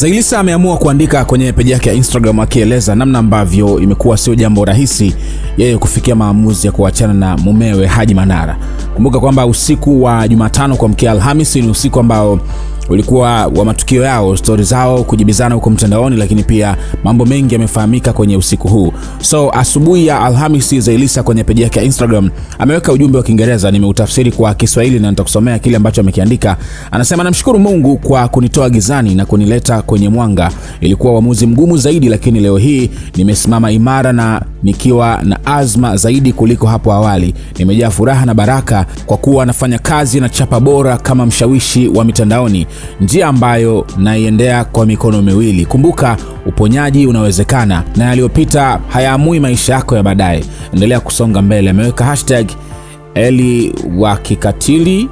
Zailisa ameamua kuandika kwenye peji yake ya Instagram akieleza namna ambavyo imekuwa sio jambo rahisi yeye kufikia maamuzi ya kuachana na mumewe Haji Manara. Kumbuka kwamba usiku wa Jumatano kwa mkia Alhamisi ni usiku ambao ulikuwa wa matukio yao, stori zao, kujibizana huko mtandaoni, lakini pia mambo mengi yamefahamika kwenye usiku huu. So asubuhi ya Alhamisi, Zailisa kwenye peji yake ya Instagram ameweka ujumbe wa Kiingereza, nimeutafsiri kwa Kiswahili na nitakusomea kile ambacho amekiandika. Anasema, namshukuru Mungu kwa kunitoa gizani na kunileta kwenye mwanga. Ilikuwa uamuzi mgumu zaidi, lakini leo hii nimesimama imara na nikiwa na azma zaidi kuliko hapo awali. Nimejaa furaha na baraka kwa kuwa nafanya kazi na chapa bora kama mshawishi wa mitandaoni, njia ambayo naiendea kwa mikono miwili. Kumbuka, uponyaji unawezekana na yaliyopita hayaamui maisha yako ya baadaye. Endelea kusonga mbele. Ameweka hashtag Eli wa kikatili,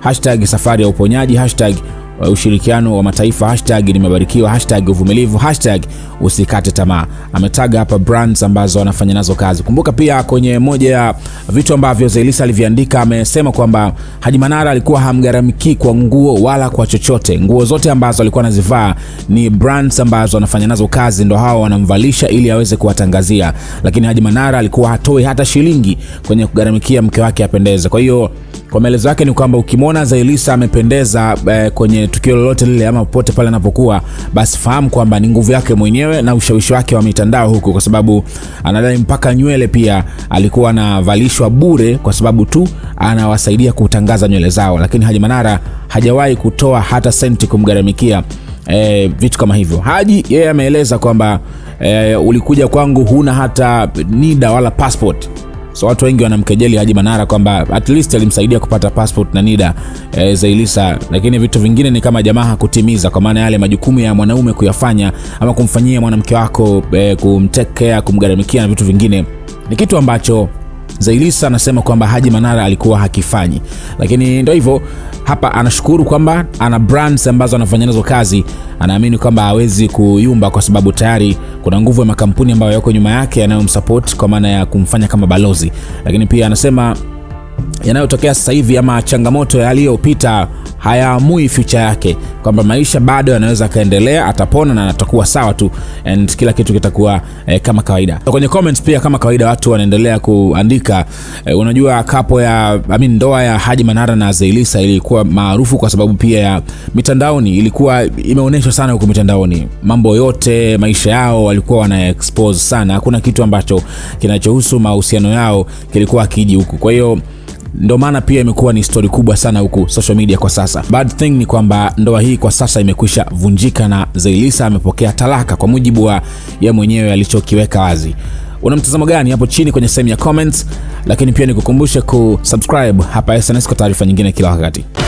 hashtag safari ya uponyaji, hashtag ushirikiano wa mataifa, hashtag limebarikiwa, hashtag uvumilivu, hashtag usikate tamaa. Ametaga hapa brands ambazo anafanya nazo kazi. Kumbuka pia kwenye moja ya vitu ambavyo zelisa aliviandika, amesema kwamba Haji Manara alikuwa hamgaramiki kwa nguo wala kwa chochote. Nguo zote ambazo alikuwa anazivaa ni brands ambazo anafanya nazo kazi, ndo hao wanamvalisha ili aweze kuwatangazia, lakini Haji Manara alikuwa hatoi hata shilingi kwenye kugaramikia mke wake apendeze. Kwa hiyo kwa maelezo yake ni kwamba ukimwona Zailisa amependeza eh, kwenye tukio lolote lile ama popote pale anapokuwa, basi fahamu kwamba ni nguvu yake mwenyewe na ushawishi wake wa mitandao huku, kwa sababu anadai mpaka nywele pia alikuwa anavalishwa bure kwa sababu tu anawasaidia kutangaza nywele zao, lakini Haji Manara hajawahi kutoa hata senti kumgaramikia eh, vitu kama hivyo. Haji yeye ameeleza kwamba eh, ulikuja kwangu huna hata NIDA wala passport So watu wengi wanamkejeli Haji Manara kwamba at least alimsaidia kupata passport na NIDA e, eh, Zailisa, lakini vitu vingine ni kama jamaa hakutimiza, kwa maana yale majukumu ya mwanaume kuyafanya ama kumfanyia mwanamke wako e, eh, kumtekea, kumgaramikia na vitu vingine ni kitu ambacho Zailisa anasema kwamba Haji Manara alikuwa hakifanyi, lakini ndio hivyo hapa. Anashukuru kwamba ana brands ambazo anafanya nazo kazi, anaamini kwamba hawezi kuyumba kwa sababu tayari kuna nguvu ya makampuni ambayo yako nyuma yake yanayomsupport kwa maana ya kumfanya kama balozi, lakini pia anasema yanayotokea sasa hivi ama changamoto yaliyopita hayaamui future yake, kwamba maisha bado yanaweza akaendelea, atapona na atakuwa sawa tu and kila kitu kitakuwa eh, kama kawaida. So, kwenye comments pia kama kawaida watu wanaendelea kuandika eh, unajua kapo ya I mean, ndoa ya Haji Manara na zeilisa ilikuwa maarufu kwa sababu pia ya mitandaoni, ilikuwa imeonyeshwa sana huko mitandaoni, mambo yote maisha yao walikuwa wana expose sana, hakuna kitu ambacho kinachohusu mahusiano yao kilikuwa akiji huku, kwa hiyo ndo maana pia imekuwa ni stori kubwa sana huku social media kwa sasa. Bad thing ni kwamba ndoa hii kwa sasa imekwisha vunjika na Zailisa amepokea talaka kwa mujibu wa ya mwenyewe alichokiweka wazi. Una mtazamo gani hapo chini kwenye sehemu ya comments, lakini pia nikukumbushe kusubscribe hapa SnS kwa taarifa nyingine kila wakati.